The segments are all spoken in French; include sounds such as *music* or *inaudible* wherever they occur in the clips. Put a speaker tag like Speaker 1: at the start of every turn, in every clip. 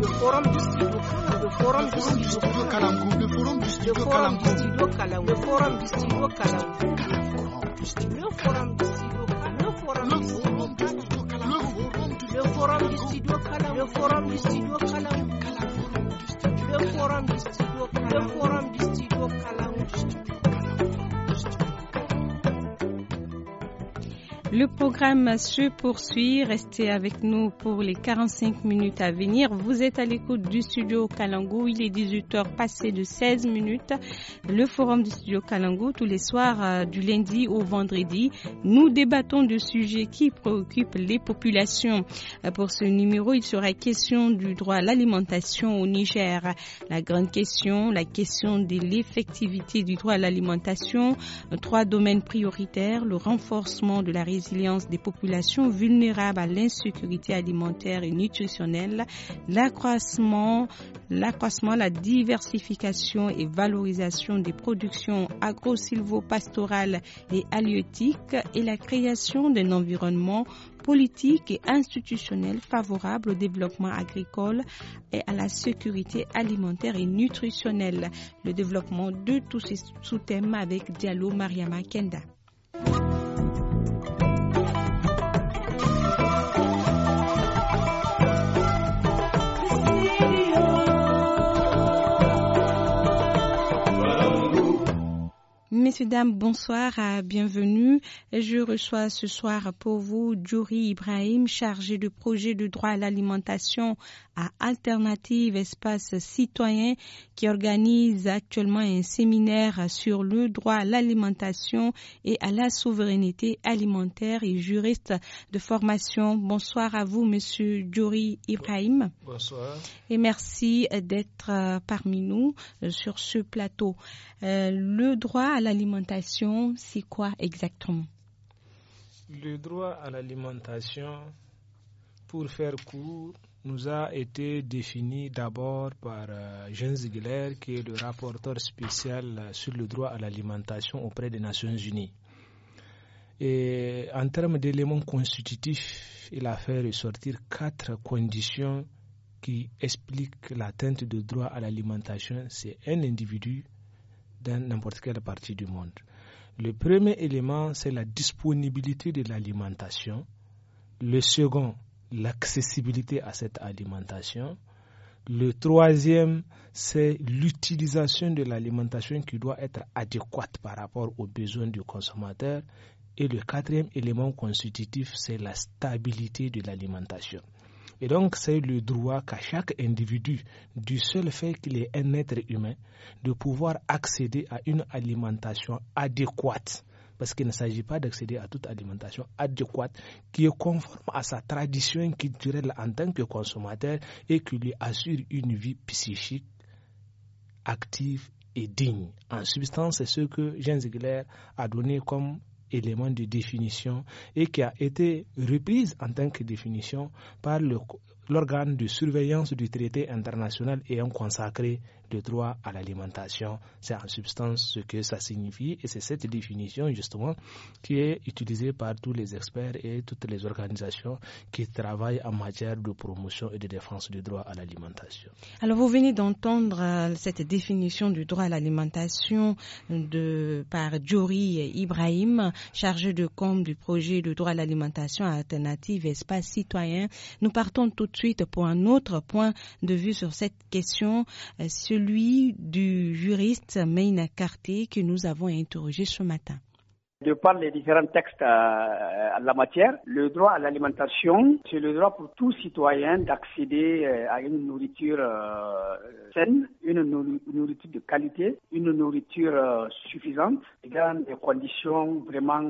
Speaker 1: le forum du studio forum du studio forum forum forum forum
Speaker 2: forum forum forum forum
Speaker 3: Le programme se poursuit. Restez avec nous pour les 45 minutes à venir. Vous êtes à l'écoute du studio Kalango. Il est 18h passé de 16 minutes. Le forum du studio Kalango. tous les soirs euh, du lundi au vendredi. Nous débattons de sujets qui préoccupent les populations. Euh, pour ce numéro, il sera question du droit à l'alimentation au Niger. La grande question, la question de l'effectivité du droit à l'alimentation, euh, trois domaines prioritaires, le renforcement de la résistance résilience des populations vulnérables à l'insécurité alimentaire et nutritionnelle, l'accroissement, l'accroissement, la diversification et valorisation des productions agro-silvopastorales et halieutiques et la création d'un environnement politique et institutionnel favorable au développement agricole et à la sécurité alimentaire et nutritionnelle, le développement de tous ces sous-thèmes avec Diallo Mariama Kenda. Messieurs, dames, bonsoir, bienvenue. Je reçois ce soir pour vous Djouri Ibrahim, chargé de projet de droit à l'alimentation à Alternative Espace Citoyen, qui organise actuellement un séminaire sur le droit à l'alimentation et à la souveraineté alimentaire et juriste de formation. Bonsoir à vous, Monsieur Djouri Ibrahim. Bonsoir. Et merci d'être euh, parmi nous euh, sur ce plateau. Euh, le droit à l'alimentation c'est quoi exactement
Speaker 2: Le droit à l'alimentation, pour faire court, nous a été défini d'abord par euh, Jean Ziegler, qui est le rapporteur spécial euh, sur le droit à l'alimentation auprès des Nations Unies. Et en termes d'éléments constitutifs, il a fait ressortir quatre conditions qui expliquent l'atteinte du droit à l'alimentation. C'est un individu, dans n'importe quelle partie du monde. Le premier élément, c'est la disponibilité de l'alimentation. Le second, l'accessibilité à cette alimentation. Le troisième, c'est l'utilisation de l'alimentation qui doit être adéquate par rapport aux besoins du consommateur. Et le quatrième élément constitutif, c'est la stabilité de l'alimentation. Et donc, c'est le droit qu'a chaque individu, du seul fait qu'il est un être humain, de pouvoir accéder à une alimentation adéquate. Parce qu'il ne s'agit pas d'accéder à toute alimentation adéquate qui est conforme à sa tradition culturelle en tant que consommateur et qui lui assure une vie psychique active et digne. En substance, c'est ce que Jean Ziegler a donné comme élément de définition et qui a été reprise en tant que définition par l'organe de surveillance du traité international ayant consacré de droit à l'alimentation. C'est en substance ce que ça signifie et c'est cette définition justement qui est utilisée par tous les experts et toutes les organisations qui travaillent en matière de promotion et de défense du droit à l'alimentation.
Speaker 3: Alors vous venez d'entendre euh, cette définition du droit à l'alimentation de par Djori Ibrahim, chargé de com du projet de droit à l'alimentation alternative espace citoyen. Nous partons tout de suite pour un autre point de vue sur cette question euh, sur celui du juriste Meina Cartier que nous avons interrogé ce matin.
Speaker 4: De par les différents textes euh, à, la matière, le droit à l'alimentation, c'est le droit pour tout citoyen d'accéder euh, à une nourriture euh, saine, une nourriture de qualité, une nourriture suffisante dans des conditions vraiment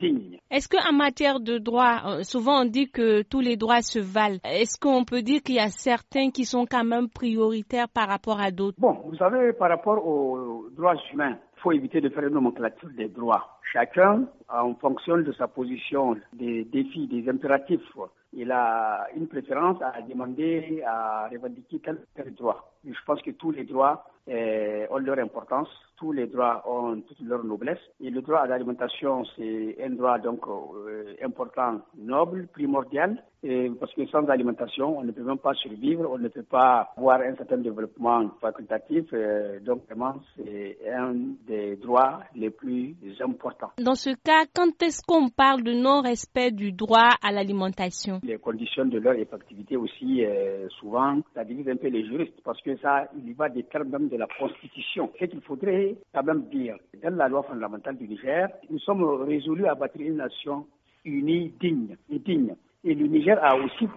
Speaker 4: dignes.
Speaker 3: Est-ce qu'en matière de droit, souvent on dit que tous les droits se valent. Est-ce qu'on peut dire qu'il y a certains qui sont quand même prioritaires par rapport à d'autres Bon,
Speaker 4: vous savez, par rapport aux droits humains, il faut éviter de faire une nomenclature des droits. Chacun, en fonction de sa position, des défis, des impératifs, il a une préférence à demander, à revendiquer tel territoire je pense que tous les droits euh, ont leur importance, tous les droits ont toute leur noblesse. Et le droit à l'alimentation, c'est un droit donc euh, important, noble, primordial, et parce que sans alimentation, on ne peut même pas survivre, on ne peut pas avoir un certain développement facultatif. Euh, donc vraiment, c'est un des droits les plus importants.
Speaker 3: Dans ce cas, quand est-ce qu'on parle de non-respect du droit à l'alimentation
Speaker 4: Les conditions de leur effectivité aussi, souvent, ça divise un peu les juristes, parce que ça, il y va des termes même de la Constitution. Ce qu'il faudrait quand même dire, dans la loi fondamentale du Niger, nous sommes résolus à bâtir une nation unie, digne, et digne. Et le Niger a aussi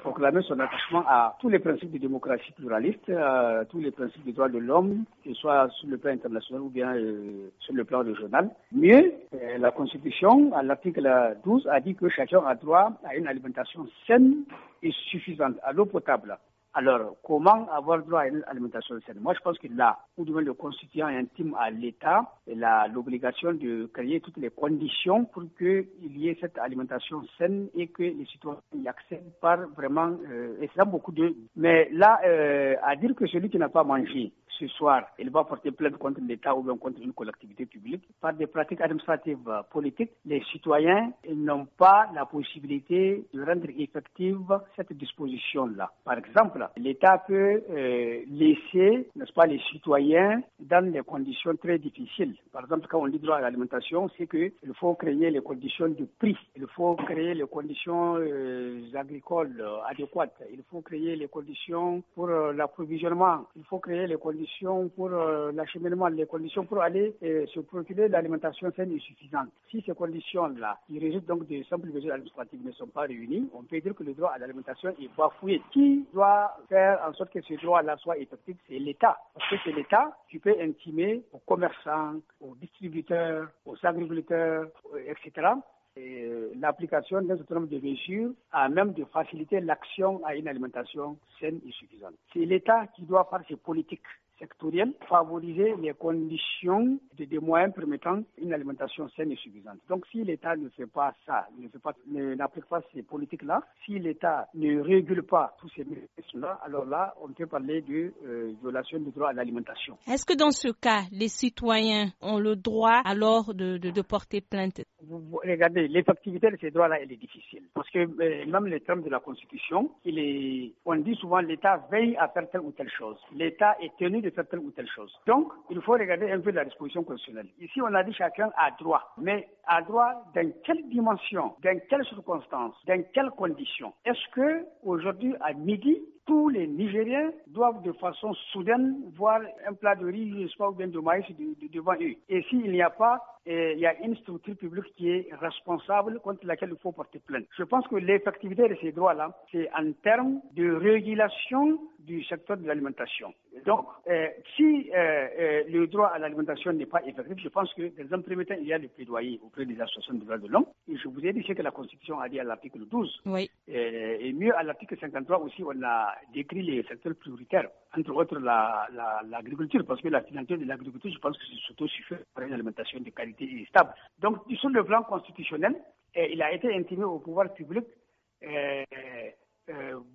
Speaker 4: proclamé son attachement à tous les principes de démocratie pluraliste, à tous les principes des droits de l'homme, que ce soit sur le plan international ou bien euh, sur le plan régional. Mieux, euh, la Constitution, à l'article 12, a dit que chacun a droit à une alimentation saine et suffisante, à l'eau potable, alors, comment avoir droit à une alimentation saine Moi, je pense que là, ou moins le constituant intime à l'État, il a l'obligation de créer toutes les conditions pour qu'il y ait cette alimentation saine et que les citoyens y accèdent par vraiment, euh, et cela beaucoup de... Mais là, euh, à dire que celui qui n'a pas mangé, ce soir, il va porter plainte contre l'État ou bien contre une collectivité publique. Par des pratiques administratives euh, politiques, les citoyens n'ont pas la possibilité de rendre effective cette disposition-là. Par exemple, L'État peut euh, laisser, n'est-ce pas, les citoyens dans des conditions très difficiles. Par exemple, quand on dit droit à l'alimentation, c'est qu'il faut créer les conditions de prix, il faut créer les conditions euh, agricoles adéquates, il faut créer les conditions pour euh, l'approvisionnement, il faut créer les conditions pour l'acheminement, les conditions pour aller se procurer l'alimentation saine et suffisante. Si ces conditions-là, qui résultent donc de simples mesures administratives, ne sont pas réunies, on peut dire que le droit à l'alimentation est bafoué. Qui doit faire en sorte que ce droit-là soit effectif, c'est l'État. Parce que c'est l'État qui peut intimer aux commerçants, aux distributeurs, aux agriculteurs, euh, etc. Euh, l'application d'un certain nombre de mesures à même de faciliter l'action à une alimentation saine et suffisante. C'est l'État qui doit faire ses politiques sectorielle, favoriser les conditions de, des moyens permettant une alimentation saine et suffisante. Donc si l'État ne fait pas ça, ne fait pas, n'applique pas ces politiques-là, si l'État ne régule pas tous ces mécanismes-là, alors là, on peut parler de euh, violation du droit à l'alimentation. Est-ce que dans
Speaker 3: ce cas, les citoyens ont le droit alors de, de, de porter plainte
Speaker 4: vous regardez, l'effectivité de ces droits-là, elle est difficile. Parce que euh, même les termes de la Constitution, il est, on dit souvent l'État veille à faire telle ou telle chose. L'État est tenu de faire telle ou telle chose. Donc, il faut regarder un peu la disposition constitutionnelle. Ici, on a dit chacun a droit. Mais a droit dans quelle dimension, dans quelles circonstances, dans quelles conditions Est-ce que aujourd'hui à midi, tous les Nigériens doivent de façon soudaine voir un plat de riz, je sais de maïs devant eux. Et s'il n'y a pas, eh, il y a une structure publique qui est responsable contre laquelle il faut porter plainte. Je pense que l'effectivité de ces droits-là, c'est en termes de régulation du secteur de l'alimentation. Donc, euh, si euh, euh, le droit à l'alimentation n'est pas effectif, je pense que, dans un premier temps, il y a des plaidoyer auprès des associations de droits de l'homme. Et je vous ai dit ce que la Constitution a dit à l'article 12. Et, mieux, à l'article 53 aussi, on a décrit les secteurs prioritaires, entre autres l'agriculture, la, l'agriculture, parce que la finalité de l'agriculture, je pense que c'est surtout suffit pour une alimentation de qualité et stable. Donc, sur le plan constitutionnel, il a été intimé au pouvoir public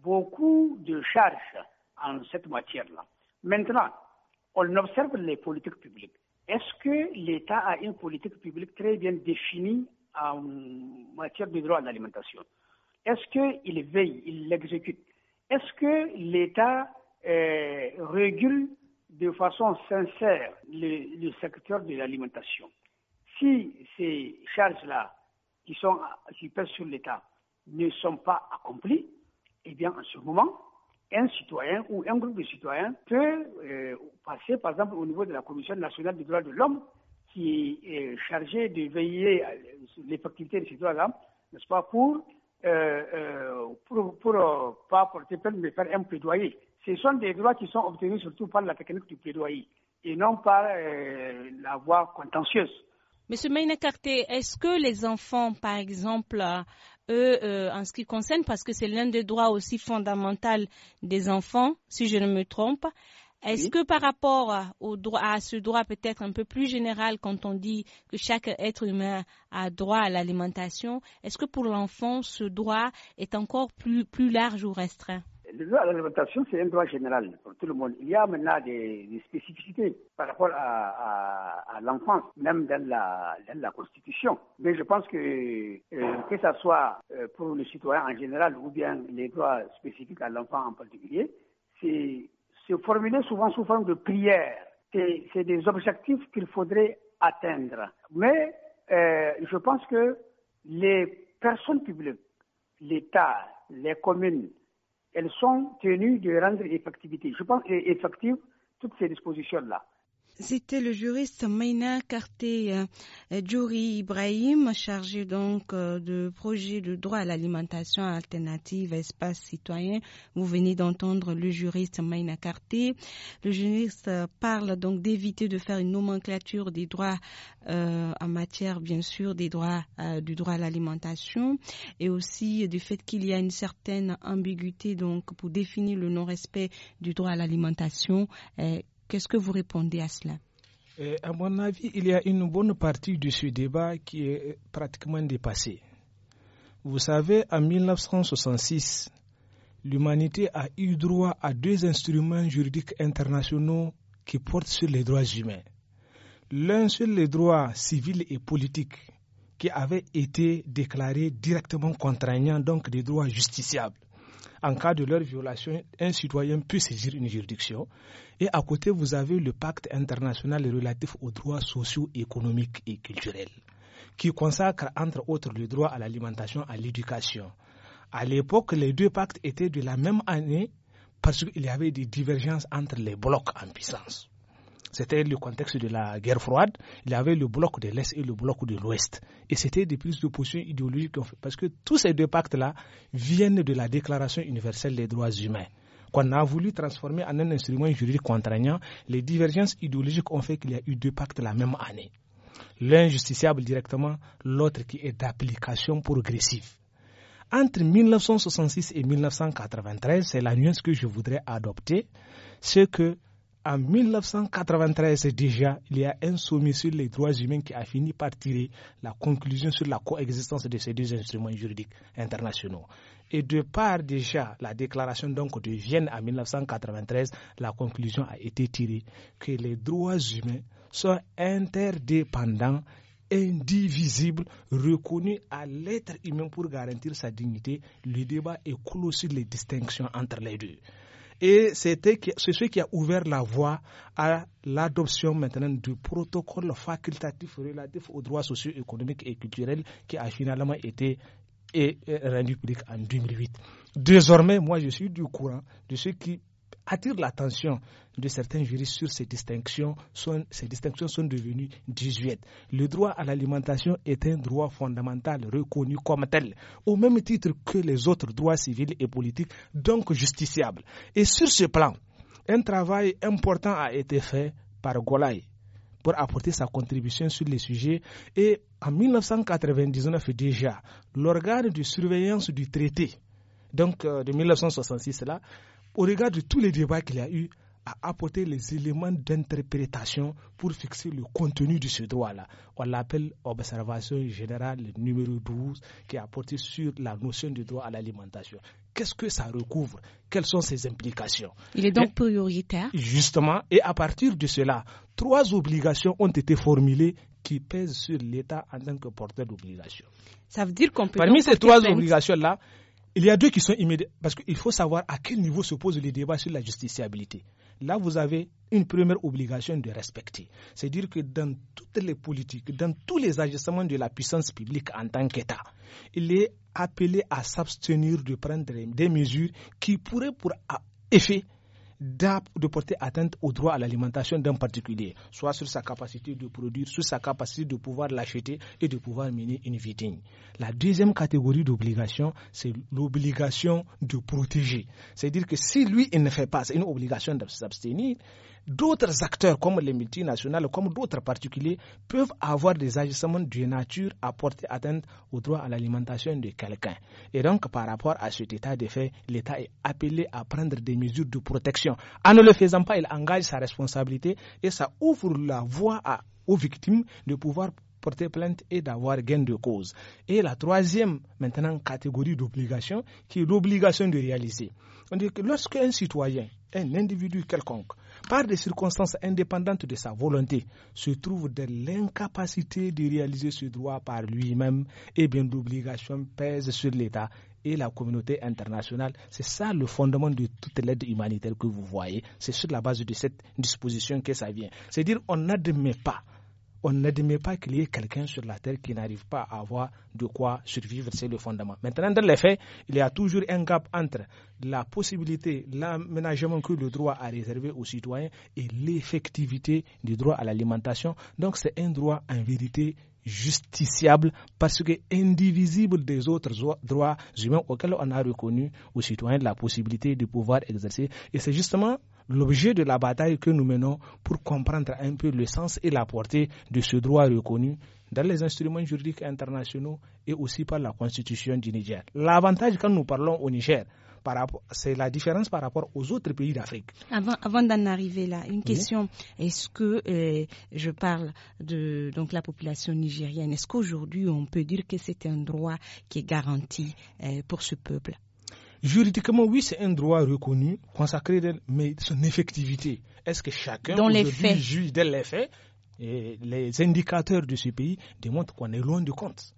Speaker 4: beaucoup de charges en cette matière-là. Maintenant, on observe les politiques publiques. Est-ce que l'État a une politique publique très bien définie en matière de droit à l'alimentation Est-ce qu'il veille, il l'exécute Est-ce que l'État euh, régule de façon sincère le, le secteur de l'alimentation Si ces charges-là qui, sont, qui pèsent sur l'État ne sont pas accomplies, eh bien, en ce moment, un citoyen ou un groupe de citoyens peut euh, passer, par exemple, au niveau de la Commission nationale des droits de l'homme, qui est euh, chargée de veiller à l'effectivité de ces droits-là, n'est-ce pas, pour euh, euh pour, pas porter peine mais faire un plaidoyer. Ce sont des droits qui sont obtenus surtout par la technique du plaidoyer et non par la voie contentieuse.
Speaker 3: Monsieur Maynard-Carté, est-ce que les enfants, par exemple, euh, en ce qui concerne, parce que c'est l'un des droits aussi fondamentaux des enfants, si je ne me trompe. Est-ce que par rapport au droit, à ce droit peut-être un peu plus général, quand on dit que chaque être humain a droit à l'alimentation, est-ce que pour l'enfant, ce droit est encore plus, plus large ou restreint
Speaker 4: le droit à l'alimentation, c'est un droit général pour tout le monde. Il y a maintenant des, spécificités par rapport à, à, l'enfance, même dans la, Constitution. Mais je pense que, euh, que ce soit euh, pour les citoyens en général ou bien les droits spécifiques à l'enfant en particulier, c'est formulé souvent sous forme de prière. C'est des objectifs qu'il faudrait atteindre. Mais euh, je pense que les personnes publiques, l'État, les communes, elles sont tenues de rendre effectivité, je pense, effective toutes ces dispositions-là.
Speaker 3: C'était le juriste Maina Carter Djouri Ibrahim, chargé donc euh, de projet de droit à l'alimentation alternative espace citoyen. Vous venez d'entendre le juriste Maina Carté. Le juriste euh, parle donc d'éviter de faire une nomenclature des droits euh, en matière, bien sûr, des droits du droit à l'alimentation et aussi du fait qu'il y a une certaine ambiguïté donc pour définir le non-respect du droit à l'alimentation. Qu'est-ce que vous répondez à cela
Speaker 2: euh, À mon avis, il y a une bonne partie de ce débat qui est euh, pratiquement dépassée. Vous savez, en 1966, l'humanité a eu droit à deux instruments juridiques internationaux qui portent sur les droits humains. L'un sur les droits civils et politiques qui avait été déclaré directement contraignant, donc des droits justiciables en cas de leur violation, un citoyen peut saisir une juridiction. Et à côté, vous avez le pacte international relatif aux droits sociaux, économiques et culturels, qui consacre entre autres le droit à l'alimentation, à l'éducation. À l'époque, les deux pactes étaient de la même année parce qu'il y avait des divergences entre les blocs en puissance. C'était le contexte de la guerre froide. Il y avait le bloc de l'Est et le bloc de l'Ouest. Et c'était des prises de position idéologiques Parce que tous ces deux pactes-là viennent de la Déclaration universelle des droits humains qu'on a voulu transformer en un instrument juridique contraignant, les divergences idéologiques ont fait qu'il y a eu deux pactes la même année. L'un justiciable directement, l'autre qui est d'application progressive. Entre 1966 et 1993, c'est la nuance que je voudrais adopter, c'est que en 1993 déjà, il y a un sommet sur les droits humains qui a fini par tirer la conclusion sur la coexistence de ces deux instruments juridiques internationaux. Et de par déjà la déclaration donc de Vienne en 1993, la conclusion a été tirée que les droits humains sont interdépendants indivisibles, reconnus à l'être humain pour garantir sa dignité, le débat est clos sur les distinctions entre les deux. Et c'était c'est ce qui a ouvert la voie à l'adoption maintenant du protocole facultatif relatif aux droits sociaux, économiques et culturels qui a finalement été rendu public en 2008. Désormais, moi, je suis du courant de ce qui attire l'attention de certains juristes sur ces distinctions. ces distinctions sont devenues 18. Le droit à l'alimentation est un droit fondamental reconnu comme tel, au même titre que les autres droits civils et politiques, donc justiciables. Et sur ce plan, un travail important a été fait par Golay pour apporter sa contribution sur les sujets. Et en 1999 déjà, l'organe de surveillance du traité, donc euh, de 1966 là, au regard de tous les débats qu'il y a eu, à apporter les éléments d'interprétation pour fixer le contenu de ce droit-là. On l'appelle observation générale numéro 12 qui est apportée sur la notion du droit à l'alimentation. Qu'est-ce que ça recouvre Quelles sont ses implications Il est donc
Speaker 3: prioritaire.
Speaker 2: Justement, et à partir de cela, trois obligations ont été formulées qui pèsent sur l'État en tant que porteur d'obligation.
Speaker 3: Ça veut dire qu'on peut. Parmi ces trois
Speaker 2: obligations-là, il y a deux qui sont immédiats parce qu'il faut savoir à quel niveau se posent les débats sur la justiciabilité. Là, vous avez une première obligation de respecter. C'est-à-dire que dans toutes les politiques, dans tous les agissements de la puissance publique en tant qu'État, il est appelé à s'abstenir de prendre des mesures qui pourraient pour effet de porter atteinte au droit à l'alimentation d'un particulier, soit sur sa capacité de produire, sur sa capacité de pouvoir l'acheter et de pouvoir mener une vie La deuxième catégorie d'obligation, c'est l'obligation de protéger. C'est-à-dire que si lui, il ne fait pas, c'est une obligation de s'abstenir, d'autres acteurs comme les multinationales, comme d'autres particuliers, peuvent avoir des agissements de nature à porter atteinte au droit à l'alimentation de quelqu'un. Et donc, par rapport à cet état de fait, l'État est appelé à prendre des mesures de protection. En ne le faisant pas, il engage sa responsabilité et ça ouvre la voie aux victimes de pouvoir porter plainte et d'avoir gain de cause. Et la troisième, maintenant, catégorie d'obligation, qui est l'obligation de réaliser. On dit que lorsqu'un citoyen, un individu quelconque, par des circonstances indépendantes de sa volonté, se trouve dans l'incapacité de réaliser ce droit par lui-même, eh bien l'obligation pèse sur l'État et la communauté internationale. C'est ça le fondement de toute l'aide humanitaire que vous voyez. C'est sur la base de cette disposition que ça vient. C'est-à-dire on n'admet pas on n'admet pas qu'il y ait quelqu'un sur la terre qui n'arrive pas à avoir de quoi survivre, c'est le fondement. Maintenant, dans les faits, il y a toujours un gap entre la possibilité, l'aménagement que le droit a réservé aux citoyens et l'effectivité du droit à l'alimentation. Donc, c'est un droit en vérité justiciable parce que indivisible des autres droits humains auxquels on a reconnu aux citoyens la possibilité de pouvoir exercer. Et c'est justement l'objet de la bataille que nous menons pour comprendre un peu le sens et la portée de ce droit reconnu dans les instruments juridiques internationaux et aussi par la constitution du Niger. L'avantage quand nous parlons au Niger, c'est la différence par rapport aux autres pays d'Afrique.
Speaker 3: Avant, d'en arriver là, une question.
Speaker 2: Est-ce que euh,
Speaker 3: je parle de la population nigérienne Est-ce qu'aujourd'hui on peut dire que c'est un droit qui est garanti euh, pour ce peuple
Speaker 2: Juridiquement, oui, c'est un droit reconnu, consacré, mais son effectivité, est-ce que chacun Dans les faits. juge dès les faits et Les indicateurs de ce pays démontrent qu'on est loin de compte.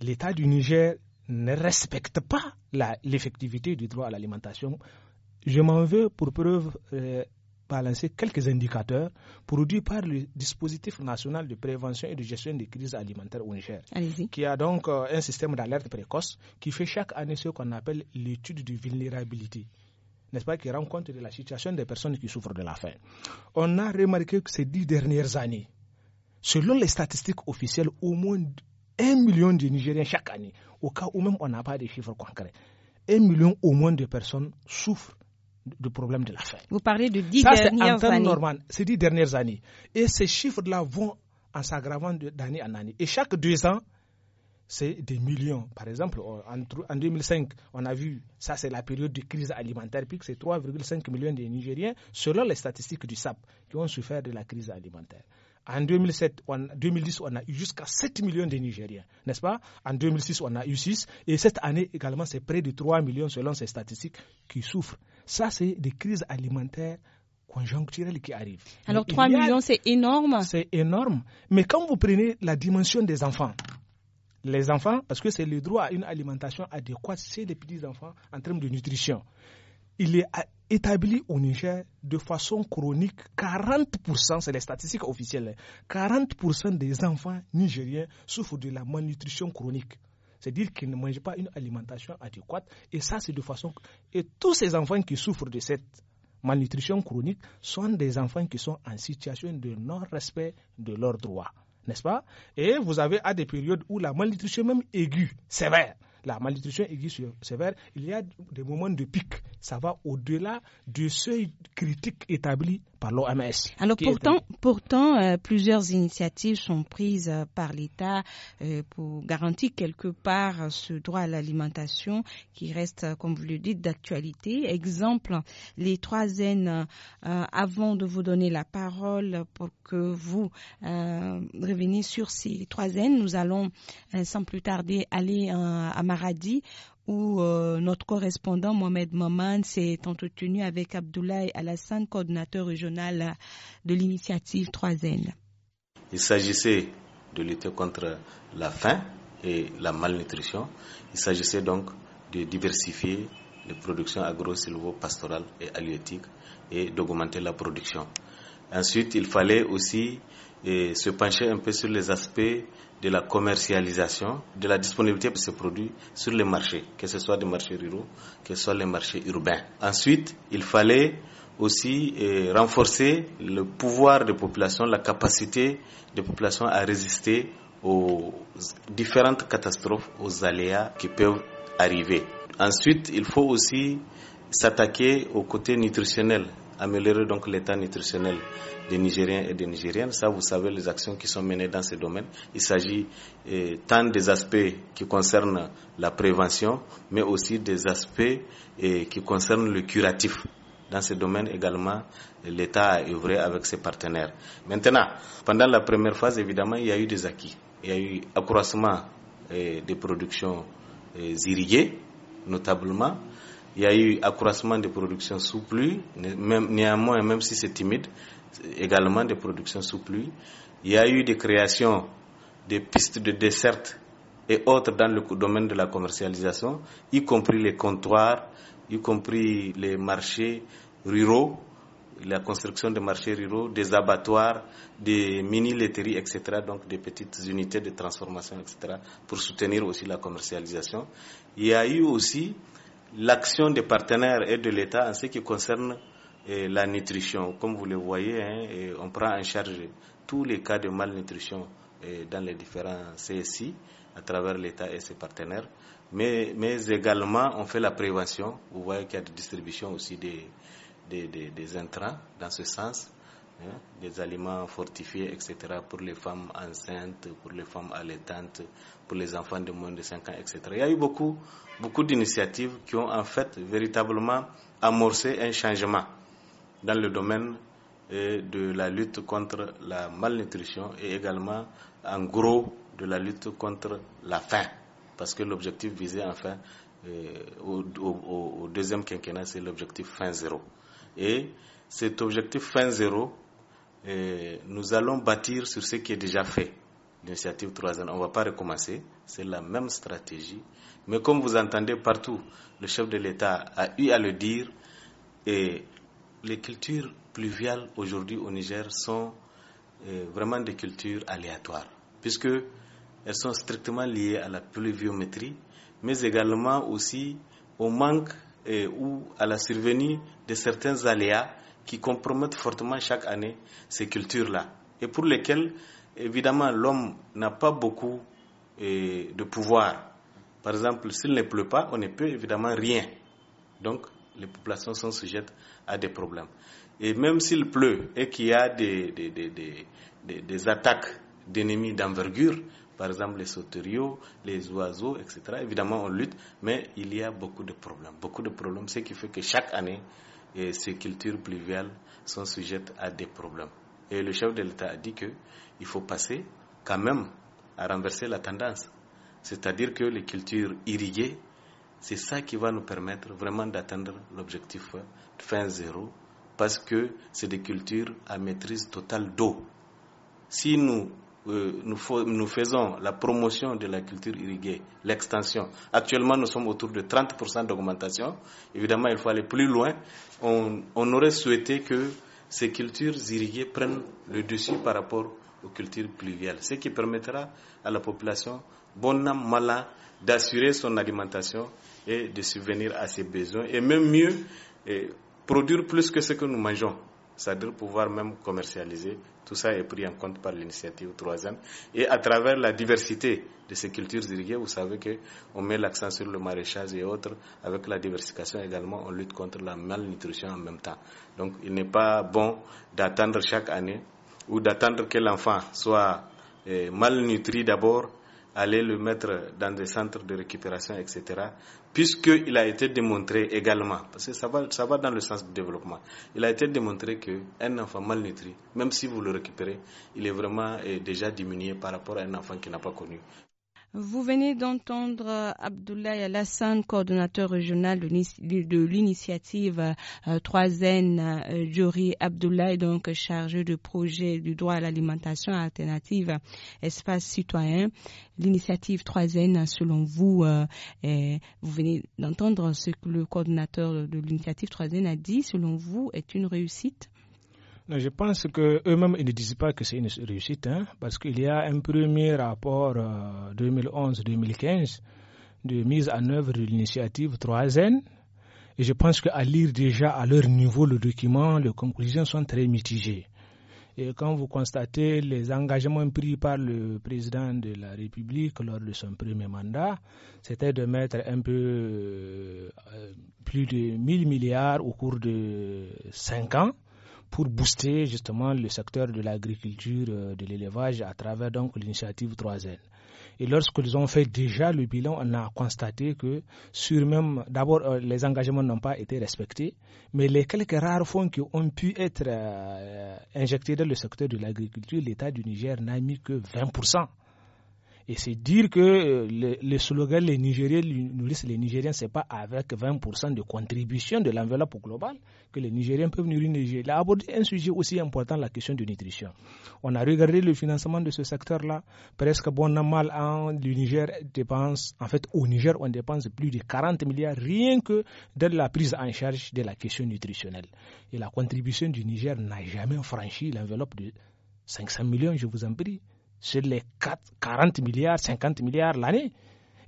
Speaker 2: L'État du Niger ne respecte pas l'effectivité du droit à l'alimentation. Je m'en veux pour preuve euh, balancer quelques indicateurs produits par le dispositif national de prévention et de gestion des crises alimentaires au Niger, qui a donc euh, un système d'alerte précoce qui fait chaque année ce qu'on appelle l'étude de vulnérabilité n'est-ce pas, qui rend compte de la situation des personnes qui souffrent de la faim. On a remarqué que ces dix dernières années, selon les statistiques officielles, au moins un million de Nigériens chaque année, au cas où même on n'a pas de chiffres concrets, un million au moins de personnes souffrent du problème de la faim.
Speaker 3: Vous parlez de dix Ça, c'est en années. Normal,
Speaker 2: c'est dix dernières années. Et ces chiffres-là vont en s'aggravant d'année en année. Et chaque deux ans, c'est des millions. Par exemple, en 2005, on a vu, ça c'est la période de crise alimentaire, puis c'est 3,5 millions de Nigériens, selon les statistiques du SAP, qui ont souffert de la crise alimentaire. En 2007, 2010, on a eu jusqu'à 7 millions de Nigériens, n'est-ce pas En 2006, on a eu 6. Et cette année également, c'est près de 3 millions, selon ces statistiques, qui souffrent ça, c'est des crises alimentaires conjoncturelles qui arrivent.
Speaker 3: Alors, 3 millions,
Speaker 2: c'est énorme. C'est énorme. Mais quand vous prenez la dimension des enfants, les enfants, parce que c'est le droit à une alimentation adéquate chez les petits-enfants en termes de nutrition, il est établi au Niger de façon chronique 40%, c'est les statistiques officielles, 40% des enfants nigériens souffrent de la malnutrition chronique. C'est-à-dire qu'ils ne mangent pas une alimentation adéquate. Et ça, c'est de façon. Et tous ces enfants qui souffrent de cette malnutrition chronique sont des enfants qui sont en situation de non-respect de leurs droits. N'est-ce pas Et vous avez à des périodes où la malnutrition même aiguë, sévère, la malnutrition aiguë sévère, il y a des moments de pic. Ça va au-delà du seuil critique établi par l'OMS. Alors pourtant, pourtant
Speaker 3: euh, plusieurs initiatives sont prises euh, par l'État euh, pour garantir quelque part ce droit à l'alimentation qui reste, comme vous le dites, d'actualité. Exemple, les trois N. avant de vous donner la parole pour que vous reveniez sur ces trois N, nous allons sans plus tarder aller à Maradi où euh, notre correspondant Mohamed Maman s'est entretenu avec Abdoulaye Alassane, coordinateur régional de l'initiative 3N.
Speaker 1: Il s'agissait de lutter contre la faim et la malnutrition. Il s'agissait donc de diversifier les productions agro-silvopastorales et halieutiques et d'augmenter la production. Ensuite, il fallait aussi eh, se pencher un peu sur les aspects de la commercialisation, de la disponibilité de ces produits sur les marchés, que ce soit des marchés ruraux, que ce soit les marchés urbains. Ensuite, il fallait aussi euh, renforcer le pouvoir des populations, la capacité des populations à résister aux différentes catastrophes, aux aléas qui peuvent arriver. Ensuite, il faut aussi s'attaquer au côté nutritionnel, améliorer donc l'état nutritionnel des Nigériens et des Nigériennes. Ça, vous savez les actions qui sont menées dans ce domaine. Il s'agit eh, tant des aspects qui concernent la prévention, mais aussi des aspects eh, qui concernent le curatif. Dans ce domaine également, l'État a œuvré avec ses partenaires. Maintenant, pendant la première phase, évidemment, il y a eu des acquis. Il y a eu accroissement eh, des productions irriguées, notablement il y a eu accroissement des productions sous pluie, même, néanmoins, même si c'est timide, également des productions sous pluie. Il y a eu des créations des pistes de dessert et autres dans le domaine de la commercialisation, y compris les comptoirs, y compris les marchés ruraux, la construction des marchés ruraux, des abattoirs, des mini-laiteries, etc., donc des petites unités de transformation, etc., pour soutenir aussi la commercialisation. Il y a eu aussi l'action des partenaires et de l'État en ce qui concerne euh, la nutrition. Comme vous le voyez, hein, on prend en charge tous les cas de malnutrition euh, dans les différents CSI à travers l'État et ses partenaires. Mais, également, on fait la prévention. Vous voyez qu'il y a des distribution aussi des, des intrants dans ce sens. Hein, des aliments fortifiés, etc., pour les femmes enceintes, pour les femmes allaitantes, pour les enfants de moins de 5 ans, etc. Il y a eu beaucoup, beaucoup d'initiatives qui ont en fait véritablement amorcé un changement dans le domaine euh, de la lutte contre la malnutrition et également, en gros, de la lutte contre la faim. Parce que l'objectif visé, enfin, euh, au, au, deuxième quinquennat, c'est l'objectif fin zéro. Et cet objectif fin zéro, nous allons bâtir sur ce qui est déjà fait. L'initiative 3 ans, on ne va pas recommencer, c'est la même stratégie. Mais comme vous entendez partout, le chef de l'État a eu à le dire, et les cultures pluviales aujourd'hui au Niger sont euh, vraiment des cultures aléatoires, puisque elles sont strictement liées à la pluviométrie, mais également aussi au manque euh, ou à la survenue de certains aléas qui compromettent fortement chaque année ces cultures-là et pour lesquelles, évidemment, l'homme n'a pas beaucoup de pouvoir. Par exemple, s'il ne pleut pas, on ne peut évidemment rien. Donc, les populations sont sujettes à des problèmes. Et même s'il pleut et qu'il y a des, des, des, des, des attaques d'ennemis d'envergure, par exemple les sauteriaux, les oiseaux, etc., évidemment on lutte, mais il y a beaucoup de problèmes. Beaucoup de problèmes, ce qui fait que chaque année, et ces cultures pluviales sont sujettes à des problèmes. Et le chef de l'État a dit qu'il faut passer quand même à renverser la tendance. C'est-à-dire que les cultures irriguées, c'est ça qui va nous permettre vraiment d'atteindre l'objectif fin zéro, parce que c'est des cultures à maîtrise totale d'eau. Si nous euh, nous, nous, faisons la promotion de la culture irriguée, l'extension. Actuellement, nous sommes autour de 30% d'augmentation. Évidemment, il faut aller plus loin. On, on, aurait souhaité que ces cultures irriguées prennent le dessus par rapport aux cultures pluviales, ce qui permettra à la population, bonhomme, mala d'assurer son alimentation et de subvenir à ses besoins, et même mieux, produire plus que ce que nous mangeons, c'est-à-dire pouvoir même commercialiser tout ça est pris en compte par l'initiative 3M. Et à travers la diversité de ces cultures irriguées, vous savez qu'on met l'accent sur le maraîchage et autres. Avec la diversification également, on lutte contre la malnutrition en même temps. Donc il n'est pas bon d'attendre chaque année ou d'attendre que l'enfant soit eh, malnutri d'abord aller le mettre dans des centres de récupération, etc. Puisqu'il a été démontré également, parce que ça va, ça va dans le sens du développement, il a été démontré qu'un enfant malnutri, même si vous le récupérez, il est vraiment eh, déjà diminué par rapport à un enfant qui n'a pas connu
Speaker 3: vous venez d'entendre Abdoulaye Alassane, coordonnateur régional de l'initiative 3N. Euh, euh, Jury Abdoulaye, donc chargé de projet du droit à l'alimentation alternative espace citoyen. L'initiative 3N, selon vous, euh, vous venez d'entendre ce que le coordonnateur de l'initiative 3N a
Speaker 2: dit, selon vous, est une réussite je pense qu'eux-mêmes, ils ne disent pas que c'est une réussite, hein, parce qu'il y a un premier rapport 2011-2015 euh, de mise en œuvre de l'initiative 3N. Et je pense qu'à lire déjà à leur niveau le document, les conclusions sont très mitigées. Et quand vous constatez les engagements pris par le président de la République lors de son premier mandat, c'était de mettre un peu euh, plus de 1000 milliards au cours de 5 ans pour booster justement le secteur de l'agriculture, euh, de l'élevage à travers donc l'initiative 3N. Et lorsqu'ils ont fait déjà le bilan, on a constaté que sur même, d'abord, euh, les engagements n'ont pas été respectés, mais les quelques rares fonds qui ont pu être euh, injectés dans le secteur de l'agriculture, l'État du Niger n'a mis que 20%. Et c'est dire que euh, le, slogan les Nigériens nourrissent les Nigériens, n'est pas avec 20% de contribution de l'enveloppe globale que les Nigériens peuvent nourrir les Nigériens. Il a abordé un sujet aussi important, la question de nutrition. On a regardé le financement de ce secteur-là. Presque bon à mal, le Niger dépense, en fait, au Niger, on dépense plus de 40 milliards rien que de la prise en charge de la question nutritionnelle. Et la contribution du Niger n'a jamais franchi l'enveloppe de 500 millions, je vous en prie c'est les 40 milliards, 50 milliards l'année.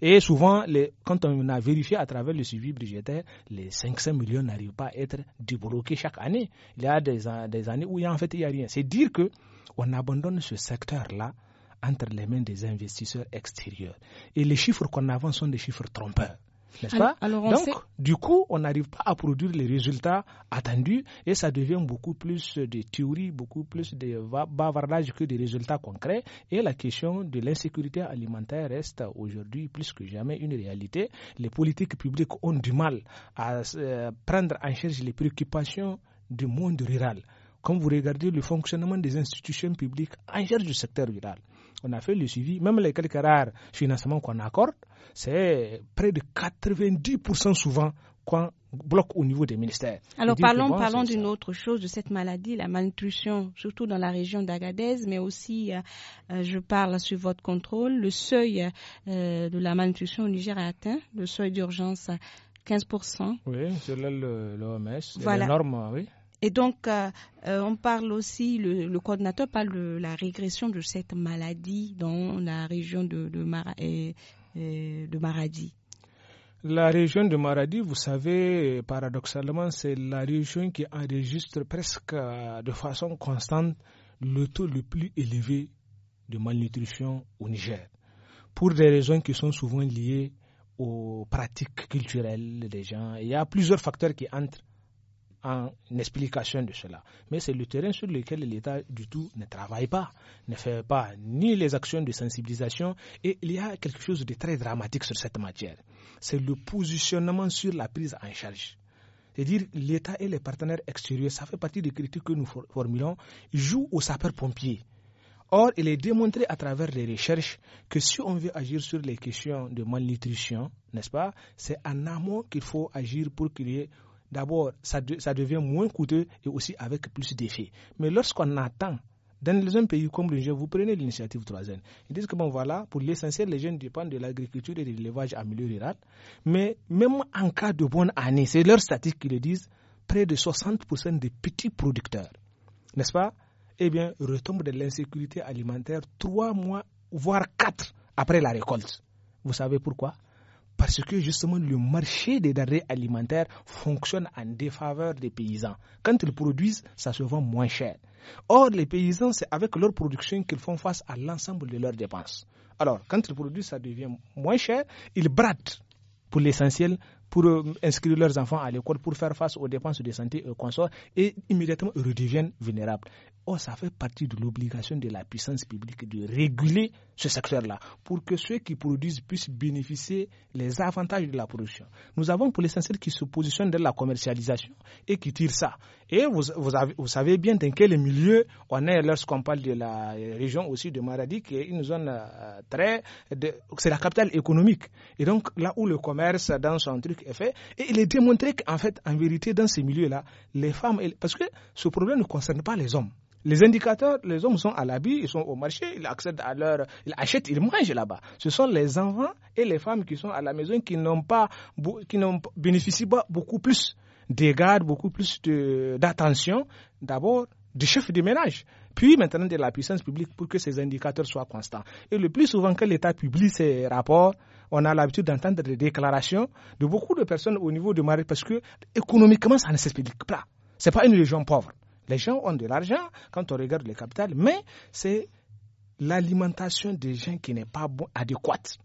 Speaker 2: Et souvent, quand on a vérifié à travers le suivi budgétaire, les 500 millions n'arrivent pas à être débloqués chaque année. Il y a des, années où il en fait il n'y a rien. C'est dire que on abandonne ce secteur-là entre les mains des investisseurs extérieurs. Et les chiffres qu'on avance sont des chiffres trompeurs. Donc, du coup, on n'arrive pas à produire les résultats attendus et ça devient beaucoup plus de théories, beaucoup plus de bavardage que des résultats concrets. Et la question de l'insécurité alimentaire reste aujourd'hui plus que jamais une réalité. Les politiques publiques ont du mal à euh, prendre en charge les préoccupations du monde rural. Quand vous regardez le fonctionnement des institutions publiques en charge du secteur rural, on a fait le suivi, même les quelques rares financements qu'on accorde, c'est près de 90% souvent qu'on bloque au niveau des ministères. Alors parlons, parlons d'une
Speaker 3: autre chose, de cette maladie, la malnutrition, surtout dans la région d'Agadez, mais aussi, euh, euh, je parle sur votre contrôle, le seuil euh, de la malnutrition au Niger a atteint, le seuil d'urgence 15%.
Speaker 2: Oui, selon l'OMS, voilà. les oui.
Speaker 3: Et donc, euh, euh, on parle aussi, le, le, coordinateur parle de la régression de cette maladie dans la région de euh,
Speaker 2: Maradi. La région de Maradi, vous savez, paradoxalement, c'est la région qui enregistre presque de façon constante le taux le plus élevé de malnutrition au Niger, pour des raisons qui sont souvent liées aux pratiques culturelles des gens. Il y a plusieurs facteurs qui entrent en explication de cela. Mais c'est le terrain sur lequel l'État du tout ne travaille pas, ne fait pas ni les actions de sensibilisation. Et il y a quelque chose de très dramatique sur cette matière. C'est le positionnement sur la prise en charge. C'est-à-dire l'État et les partenaires extérieurs, ça fait partie des critiques que nous formulons, jouent au sapeur-pompier. Or, il est démontré à travers les recherches que si on veut agir sur les questions de malnutrition, n'est-ce pas, c'est en amont qu'il faut agir pour qu'il y ait d'abord, ça, devient moins coûteux et aussi avec plus d'effet. Mais lorsqu'on attend, dans les un pays comme le vous prenez l'initiative troisième. Ils disent que bon voilà, pour l'essentiel, les jeunes dépendent de l'agriculture et de l'élevage en milieu rural. Mais même en cas de bonne année, c'est leur statistique qui le disent, près de 60% des petits producteurs, n'est-ce pas, eh bien, retombent de l'insécurité alimentaire trois mois, voire quatre après la récolte. Vous savez pourquoi parce que justement le marché des denrées alimentaires fonctionne en défaveur des paysans. Quand ils produisent, ça se vend moins cher. Or, les paysans, c'est avec leur production qu'ils font face à l'ensemble de leurs dépenses. Alors, quand ils produisent, ça devient moins cher, ils bradent pour l'essentiel pour euh, inscrire leurs enfants à l'école, pour faire face aux dépenses de santé et sort et immédiatement ils redeviennent vulnérables. Or, oh, ça fait partie de l'obligation de la puissance publique de réguler ce secteur-là pour que ceux qui produisent puissent bénéficier les avantages de la production. Nous avons pour l'essentiel qui se positionnent dans la commercialisation et qui tirent ça. Et vous, vous, vous savez bien dans quel milieu on est lorsqu'on parle de la région aussi de Maradi, qui est une zone euh, très... C'est la capitale économique. Et donc, là où le commerce, dans son truc, est fait. Et il est démontré qu'en fait, en vérité, dans ces milieux-là, les femmes, parce que ce problème ne concerne pas les hommes. Les indicateurs, les hommes sont à l'habit, ils sont au marché, ils accèdent à leur, ils achètent, ils mangent là-bas. Ce sont les enfants et les femmes qui sont à la maison qui n'ont pas, qui n'ont bénéficient pas beaucoup plus des gardes, beaucoup plus d'attention, d'abord du chef de ménage, puis maintenant de la puissance publique pour que ces indicateurs soient constants. Et le plus souvent que l'État publie ses rapports, on a l'habitude d'entendre des déclarations de beaucoup de personnes au niveau du mari parce que économiquement, ça ne s'explique pas. Ce n'est pas une région pauvre. Les gens ont de l'argent quand on regarde le capital, mais c'est l'alimentation des gens qui n'est pas adéquate.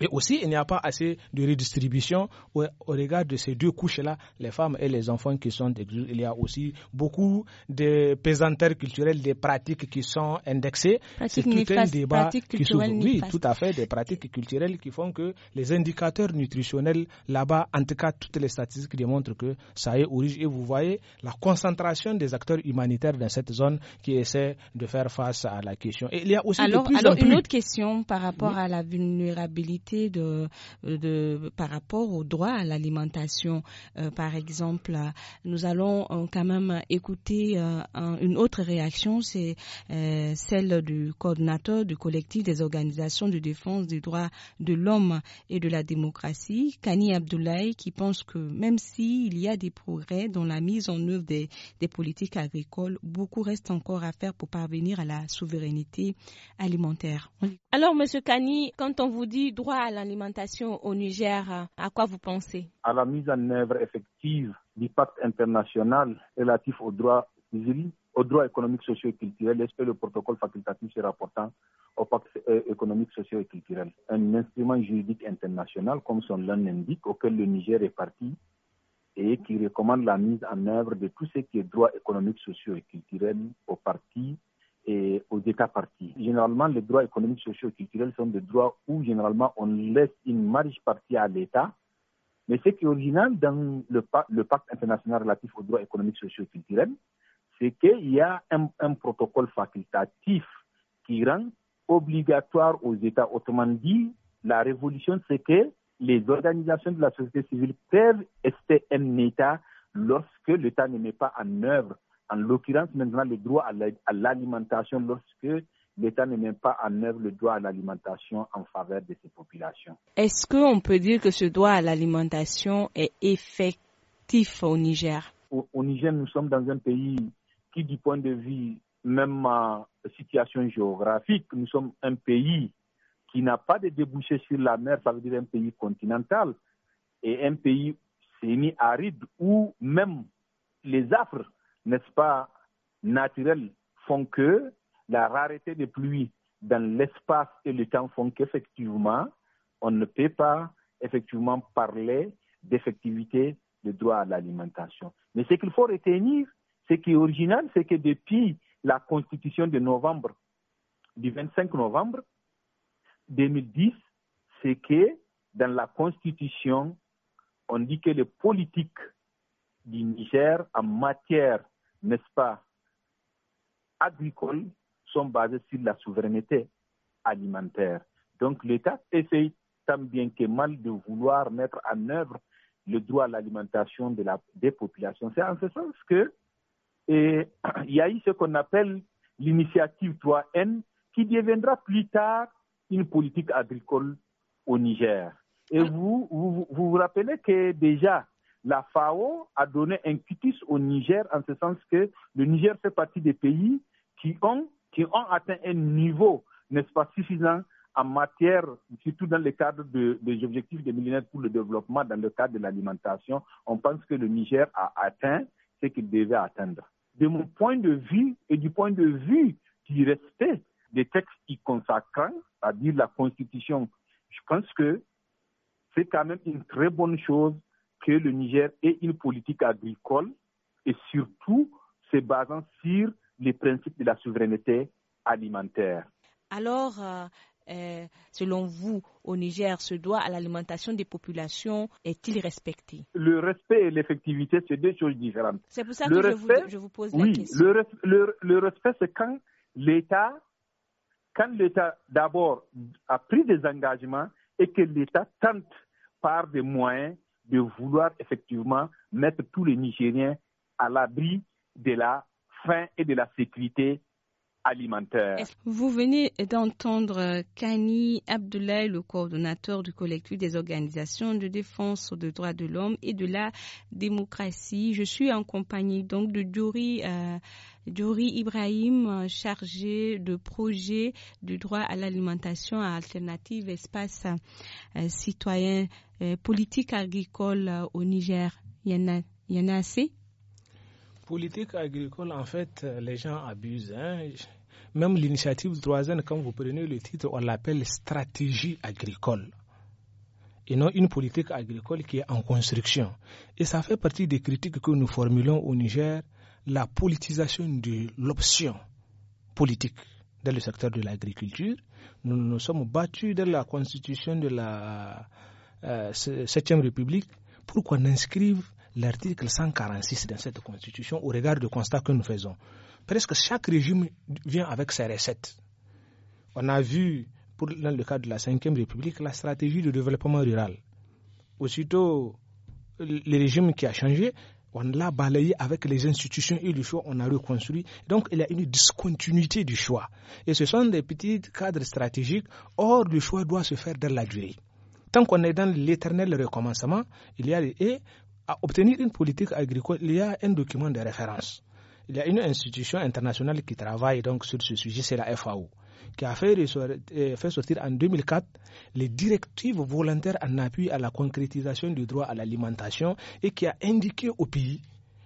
Speaker 2: Et aussi, il n'y a pas assez de redistribution au, regard de ces deux couches-là, les femmes et les enfants qui sont exclus. Il y a aussi beaucoup de pesanteurs culturelles, des pratiques qui sont indexées. C'est tout un débat qui sont Oui, tout à fait, des pratiques culturelles qui font que les indicateurs nutritionnels là-bas, en tout cas, toutes les statistiques démontrent que ça est origine. Et vous voyez la concentration des acteurs humanitaires dans cette zone qui essaient de faire face à la question. Et il y a aussi de plus en plus... une autre
Speaker 3: question par rapport à la vulnérabilité par rapport au droit à l'alimentation. Euh, par exemple, nous allons euh, quand même écouter euh, une autre réaction, c'est celle du coordinateur du collectif des organisations de défense des droits de l'homme et de la démocratie, Kani Abdoulaye, qui pense que même s'il y a des progrès dans la mise en œuvre des, politiques agricoles, beaucoup reste encore à faire pour parvenir à la souveraineté alimentaire. Alors, Monsieur Kani, quand on vous dit droit à l'alimentation au Niger, à quoi vous pensez
Speaker 5: À la mise en œuvre effective du pacte international relatif aux droits aux économiques, sociaux et culturels, est-ce que le protocole facultatif sera rapportant au pacte euh, économique, social et culturel Un instrument juridique international, comme son nom l'indique, auquel le Niger est parti et qui recommande la mise en œuvre de tout ce qui est droits économiques, sociaux et culturels aux parties aux États partis. Généralement, les droits économiques, sociaux et culturels sont des droits où généralement on laisse une marge partie à l'État. Mais ce qui est original dans le, pacte international relatif aux droits économiques, sociaux et culturels, c'est qu'il y a un, protocole facultatif qui rend obligatoire aux États. Autrement dit, la révolution, c'est que les organisations de la société civile peuvent rester un État lorsque l'État ne met pas en œuvre en l'occurrence maintenant le droit à l'alimentation lorsque l'État ne met pas en œuvre le droit à l'alimentation en faveur de ces populations.
Speaker 3: Est-ce qu'on peut dire que ce droit à l'alimentation est effectif au Niger
Speaker 5: au, Niger, nous sommes dans un pays qui, du point de vue même ma euh, situation géographique, nous sommes un pays qui n'a pas de débouchés sur la mer, ça veut dire un pays continental et un pays semi-aride où même les affres n'est-ce pas, naturel font que la rareté des pluies dans l'espace et le temps font qu'effectivement, on ne peut pas effectivement parler d'effectivité des droits à l'alimentation. Mais ce qu'il faut retenir, ce qui est original, c'est que depuis la constitution de novembre, du 25 novembre 2010, c'est que dans la constitution, on dit que les politiques du Niger en matière n'est-ce pas, agricoles sont basées sur la souveraineté alimentaire. Donc l'État essaye tant bien que mal de vouloir mettre en œuvre le droit à l'alimentation de des populations. C'est en ce sens que et, *clears throat* il y a eu ce qu'on appelle l'initiative 3N qui deviendra plus tard une politique agricole au Niger. Et vous vous, vous, vous rappelez que déjà la FAO a donné un cutis au Niger en ce sens que le Niger fait partie des pays qui ont, qui ont atteint un niveau, n'est-ce pas, suffisant en matière, surtout dans le cadre des objectifs des millénaires pour le développement, dans le cadre de l'alimentation, on pense que le Niger a atteint ce qu'il devait atteindre. De mon point de vue et du point de vue qui respect des textes qui consacrent, c'est-à-dire la Constitution, je pense que c'est quand même une très bonne chose que le Niger ait une politique agricole et surtout se basant sur les principes de la souveraineté alimentaire.
Speaker 3: Alors, euh, euh, selon vous, au Niger, ce droit à l'alimentation des populations est-il respecté
Speaker 5: Le respect et l'effectivité, c'est deux choses différentes. C'est
Speaker 3: pour ça que je, vous, pose la question.
Speaker 5: Le, le respect, c'est quand l'État, quand l'État d'abord a pris des engagements et que l'État tente par des moyens de vouloir effectivement mettre tous les Nigériens à l'abri de la faim et de la sécurité alimentaire.
Speaker 3: Vous venez d'entendre Kani Abdoulaye, le coordonnateur du collectif des organisations de défense des droits de l'homme et de la démocratie. Je suis en compagnie donc de Djouri euh, Dori Ibrahim, euh, chargé de projet du droit à l'alimentation à alternative espace euh, citoyen euh, politique agricole au Niger. Il y en a, assez
Speaker 2: Politique agricole, en fait, les gens abusent. Hein. Même l'initiative 3 comme vous prenez le titre, on l'appelle stratégie agricole et non une politique agricole qui est en construction. Et ça fait partie des critiques que nous formulons au Niger la politisation de l'option politique dans le secteur de l'agriculture. Nous nous sommes battus dans la constitution de la 7e euh, République pour qu'on inscrive l'article 146 dans cette constitution au regard du constat que nous faisons. Presque chaque régime vient avec ses recettes. On a vu, pour, dans le cadre de la 5e République, la stratégie de développement rural. Aussitôt, le régime qui a changé, on l'a balayé avec les institutions et le choix, on a reconstruit. Donc, il y a une discontinuité du choix. Et ce sont des petits cadres stratégiques. Or, le choix doit se faire dans la durée. Tant qu'on est dans l'éternel recommencement, il y a, et à obtenir une politique agricole, il y a un document de référence. Il y a une institution internationale qui travaille donc sur ce sujet, c'est la FAO qui a fait, euh, sortir en 2004 les directives volontaires en appui à la concrétisation du droit à l'alimentation et qui a indiqué au pays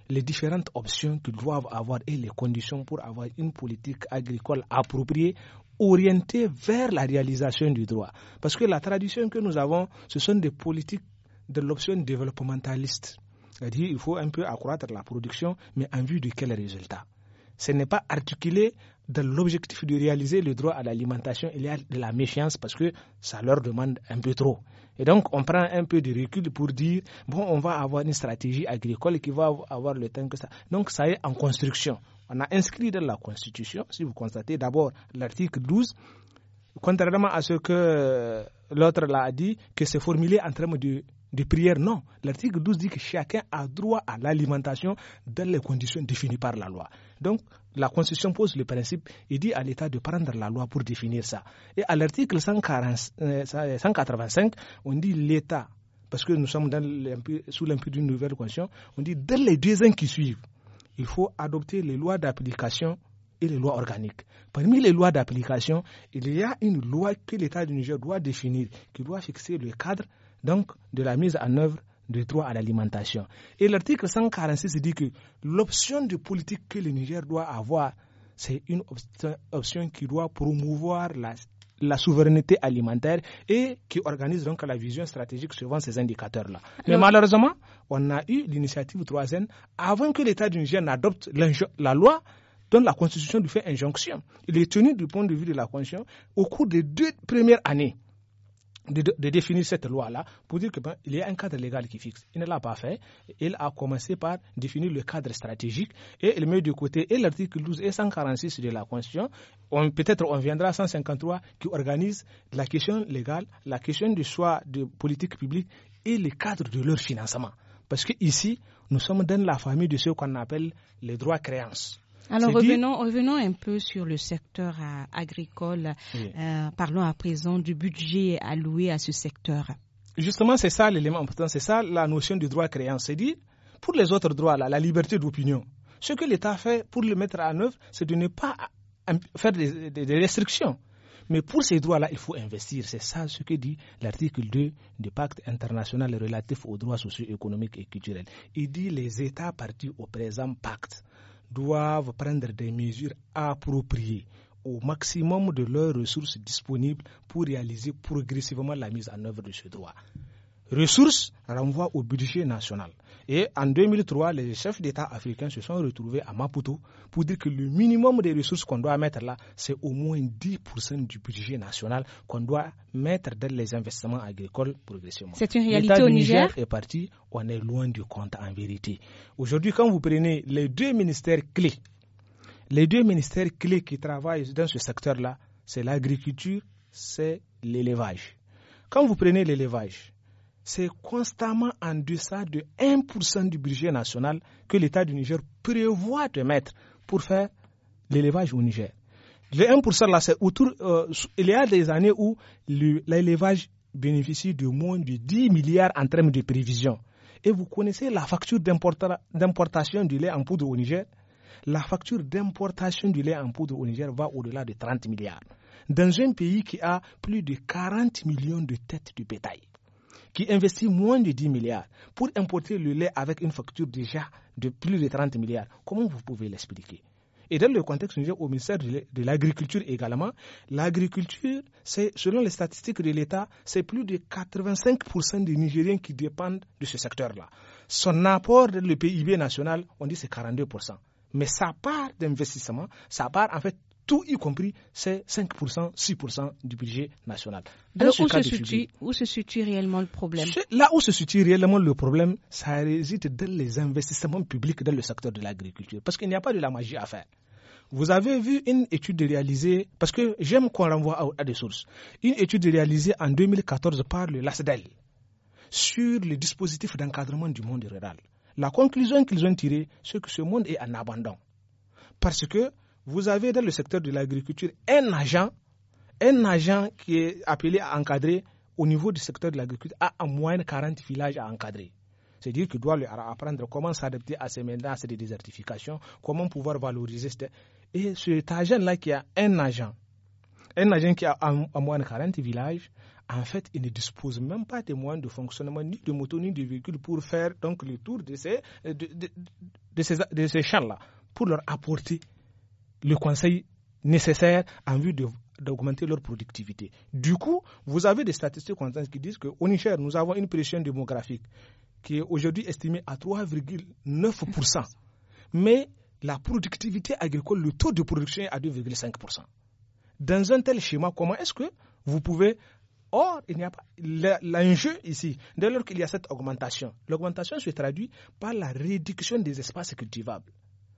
Speaker 2: les différentes options qu'ils doivent avoir et les conditions pour avoir une politique agricole appropriée orientée vers la réalisation du droit. Parce que la tradition que nous avons, ce sont des politiques de l'option développementaliste. C'est-à-dire qu'il faut un peu accroître la production, mais en vue de quel résultat Ce n'est pas articulé dans l'objectif de réaliser le droit à l'alimentation, il y a de la méfiance parce que ça leur demande un peu trop. Et donc, on prend un peu de recul pour dire, bon, on va avoir une stratégie agricole qui va avoir le temps que ça. Donc, ça est en construction. On a inscrit dans la Constitution, si vous constatez, d'abord l'article 12, contrairement à ce que l'autre l'a dit, que c'est formulé en termes de, de prière. Non, l'article 12 dit que chacun a droit à l'alimentation dans les conditions définies par la loi. Donc, la Constitution pose le principe et dit à l'État de prendre la loi pour définir ça. Et à l'article 185, euh, euh, on dit l'État, parce que nous sommes dans sous l'impôt d'une nouvelle Constitution, on dit dans les deux ans qui suivent, il faut adopter les lois d'application et les lois organiques. Parmi les lois d'application, il y a une loi que l'État du Niger doit définir, qui doit fixer le cadre donc, de la mise en œuvre du droit à l'alimentation. Et l'article 146 dit que l'option de politique que le Niger doit avoir, c'est une option qui doit promouvoir la, la, souveraineté alimentaire et qui organise donc la vision stratégique suivant ces indicateurs-là. Mais malheureusement, on a eu l'initiative 3N avant que l'État du Niger n'adopte la loi dont la Constitution lui fait injonction. Il est tenu du point de vue de la Constitution au cours des deux premières années de, définir cette loi-là pour dire qu'il ben, y a un cadre légal qui fixe. Il ne l'a pas fait. Il a commencé par définir le cadre stratégique et il met de côté l'article 12 et 146 de la Constitution. peut-être on viendra à 153 qui organise la question légale, la question du choix de politique publique et le cadre de leur financement. Parce qu'ici, nous sommes dans la famille de ce qu'on appelle les droits créances. Alors revenons,
Speaker 3: revenons, un peu sur le secteur euh, agricole. Euh, parlons à présent du budget alloué à ce secteur.
Speaker 2: Justement, c'est ça l'élément important, c'est ça la notion du droit créant. C'est dit, pour les autres droits, là, la liberté d'opinion, ce que l'État fait pour le mettre en œuvre, c'est de ne pas euh, faire des, restrictions. Mais pour ces droits-là, il faut investir. C'est ça ce que dit l'article 2 du pacte international relatif aux droits socio-économiques et culturels. Il dit les États partis au présent pacte doivent prendre des mesures appropriées au maximum de leurs ressources disponibles pour réaliser progressivement la mise en œuvre de ce droit. Ressources renvoient au budget national. Et en 2003, les chefs d'État africains se sont retrouvés à Maputo pour dire que le minimum des ressources qu'on doit mettre là, c'est au moins 10% du budget national qu'on doit mettre dans les investissements agricoles progressivement. C'est une réalité au Niger. Niger est parti, on est loin du compte en vérité. Aujourd'hui, quand vous prenez les deux ministères clés, les deux ministères clés qui travaillent dans ce secteur-là, c'est l'agriculture, c'est l'élevage. Quand vous prenez l'élevage, c'est constamment en deçà de 1% du budget national que l'État du Niger prévoit de mettre pour faire l'élevage au Niger. Le 1% là, c'est autour. Euh, il y a des années où l'élevage bénéficie de moins de 10 milliards en termes de prévision. Et vous connaissez la facture d'importation du lait en poudre au Niger La facture d'importation du lait en poudre au Niger va au-delà de 30 milliards. Dans un pays qui a plus de 40 millions de têtes de bétail qui investit moins de 10 milliards pour importer le lait avec une facture déjà de plus de 30 milliards. Comment vous pouvez l'expliquer et dans le contexte au ministère de l'Agriculture également, l'agriculture, c'est selon les statistiques de l'État, c'est plus de 85% des Nigériens qui dépendent de ce secteur-là. Son apport dans le PIB national, on dit c'est 42%. Mais sa part d'investissement, sa part en fait tout y compris, ces 5%, 6% du budget national.
Speaker 3: où se, situe, réellement le problème
Speaker 2: Là où se situe réellement le problème, ça réside dans les investissements publics dans le secteur de l'agriculture, parce qu'il n'y a pas de la magie à faire. Vous avez vu une étude réalisée, parce que j'aime qu'on renvoie à, des sources, une étude réalisée en 2014 par le LASDEL sur les dispositifs d'encadrement du monde rural. La conclusion qu'ils ont tirée, c'est que ce monde est en abandon. Parce que vous avez dans le secteur de l'agriculture un agent, un agent qui est appelé à encadrer au niveau du secteur de l'agriculture a en de 40 villages à encadrer. C'est-à-dire qu'il doit lui apprendre comment s'adapter à ces menaces de désertification, comment pouvoir valoriser. Et cet agent-là qui a un agent, un agent qui a en de 40 villages, en fait, il ne dispose même pas de moyens de fonctionnement, ni de moto, ni de véhicule pour faire donc le tour de ces, de, ces là pour leur apporter le conseil nécessaire en vue d'augmenter leur productivité. Du coup, vous avez des statistiques qui disent qu'au Niger, nous avons une pression démographique qui est aujourd'hui estimée à 3,9%. Mais la productivité agricole, le taux de production est à 2,5%. Dans un tel schéma, comment est-ce que vous pouvez... Or, il n'y a pas l'enjeu ici. Dès lors qu'il y a cette augmentation, l'augmentation se traduit par la réduction des espaces cultivables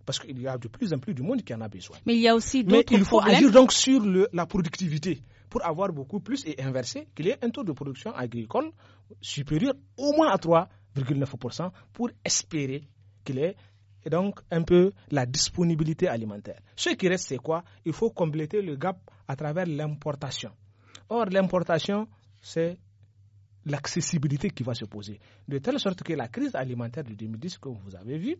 Speaker 2: parce qu'il y a de plus en plus du monde qui en a besoin. Mais il y a
Speaker 3: aussi il faut agir donc
Speaker 2: sur la productivité pour avoir beaucoup plus et inverser qu'il y ait un taux de production agricole supérieur au moins à 3,9% pour espérer qu'il y ait donc un peu la disponibilité alimentaire. Ce qui reste, c'est quoi Il faut compléter le gap à travers l'importation. Or, l'importation, c'est l'accessibilité qui va se poser. De telle sorte que la crise alimentaire de 2010 comme vous avez vu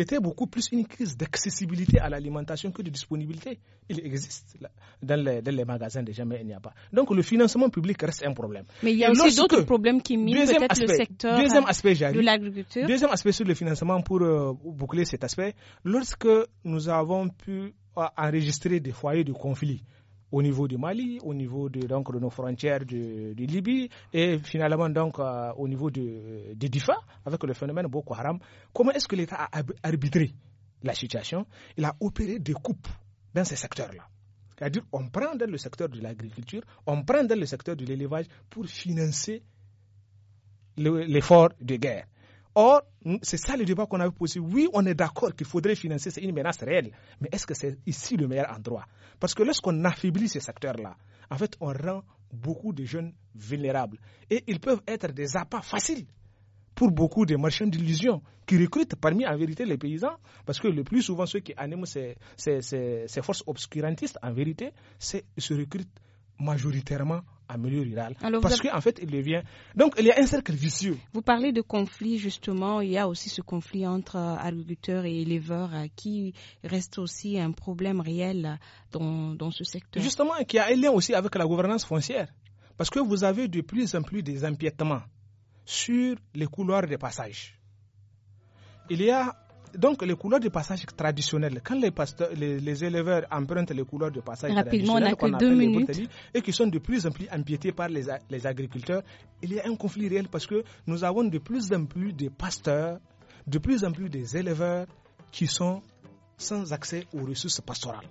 Speaker 2: était beaucoup plus une crise d'accessibilité à l'alimentation que de disponibilité. Il existe dans, les, magasins déjà, mais il n'y a pas. Donc le financement public reste un problème. Mais il y a aussi d'autres
Speaker 3: problèmes qui minent peut-être le secteur deuxième aspect, de
Speaker 2: l'agriculture. Deuxième aspect sur le financement pour euh, boucler cet aspect, lorsque nous avons pu euh, enregistrer des foyers de conflit, au niveau du Mali, au niveau de, donc, de nos frontières de, Libye et finalement donc euh, au niveau de, DIFA avec le phénomène Boko Haram. Comment est-ce que l'État a arbitré la situation Il a opéré des coupes dans ces secteurs-là. C'est-à-dire on prend dans le secteur de l'agriculture, on prend dans le secteur de l'élevage pour financer l'effort de guerre. Or, c'est ça le débat qu'on avait posé. Oui, on est d'accord qu'il faudrait financer, c'est une menace réelle, mais est-ce que c'est ici le meilleur endroit Parce que lorsqu'on affaiblit ces secteurs-là, en fait, on rend beaucoup de jeunes vulnérables. Et ils peuvent être des appâts faciles pour beaucoup de marchands d'illusions qui recrutent parmi en vérité les paysans, parce que le plus souvent ceux qui animent ces forces obscurantistes, en vérité, se recrutent majoritairement en milieu rural. parce qu'en fait, il devient. Donc, il y a un cercle vicieux.
Speaker 3: Vous parlez de conflit, justement. Il y a aussi ce conflit entre euh, agriculteurs et éleveurs euh, qui reste aussi un problème réel dans, dans ce secteur. Justement,
Speaker 2: qui a un lien aussi avec la gouvernance foncière. Parce que vous avez de plus en plus des empiètements sur les couloirs de passage. Il y a donc les couleurs de passage traditionnelles, quand les, les, éleveurs empruntent les couleurs de passage traditionnelles et qui sont de plus en plus empiétées par les, agriculteurs, il y a un conflit réel parce que nous avons de plus en plus de pasteurs, de plus en plus des éleveurs qui sont sans accès aux ressources pastorales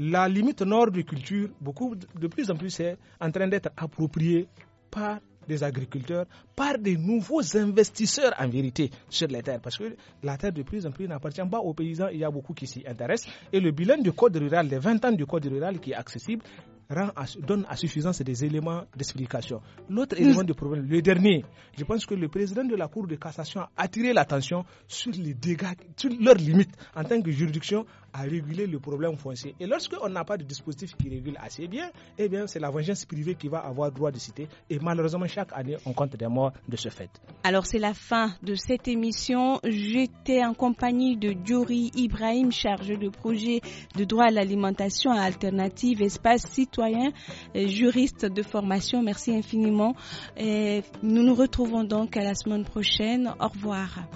Speaker 2: la limite nord de culture, beaucoup de plus en plus, est en train d'être appropriée par des agriculteurs, par des nouveaux investisseurs en vérité sur les terres. Parce que la terre de prise en plus n'appartient pas aux paysans, il y a beaucoup qui s'y intéressent. Et le bilan du code rural, les 20 ans du code rural qui est accessible, rend donne à suffisance des éléments d'explication. L'autre élément de problème, le dernier, je pense que le président de la Cour de cassation a attiré l'attention sur les dégâts, sur leurs limites en tant que juridiction à réguler le problème foncier. Et lorsqu'on n'a pas de dispositif qui régule assez bien, eh bien, c'est la vengeance privée qui va avoir droit de citer. Et malheureusement, chaque année, on compte des morts de ce fait.
Speaker 3: Alors, c'est la fin de cette émission. J'étais en compagnie de Diori Ibrahim, chargé de projet de droit à l'alimentation à alternative, espace citoyen, euh, juriste de formation. Merci infiniment. nous nous retrouvons donc à la semaine prochaine. Au revoir.